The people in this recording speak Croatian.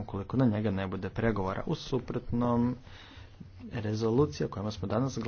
ukoliko na njega ne bude pregovora. U suprotnom, rezolucija o kojima smo danas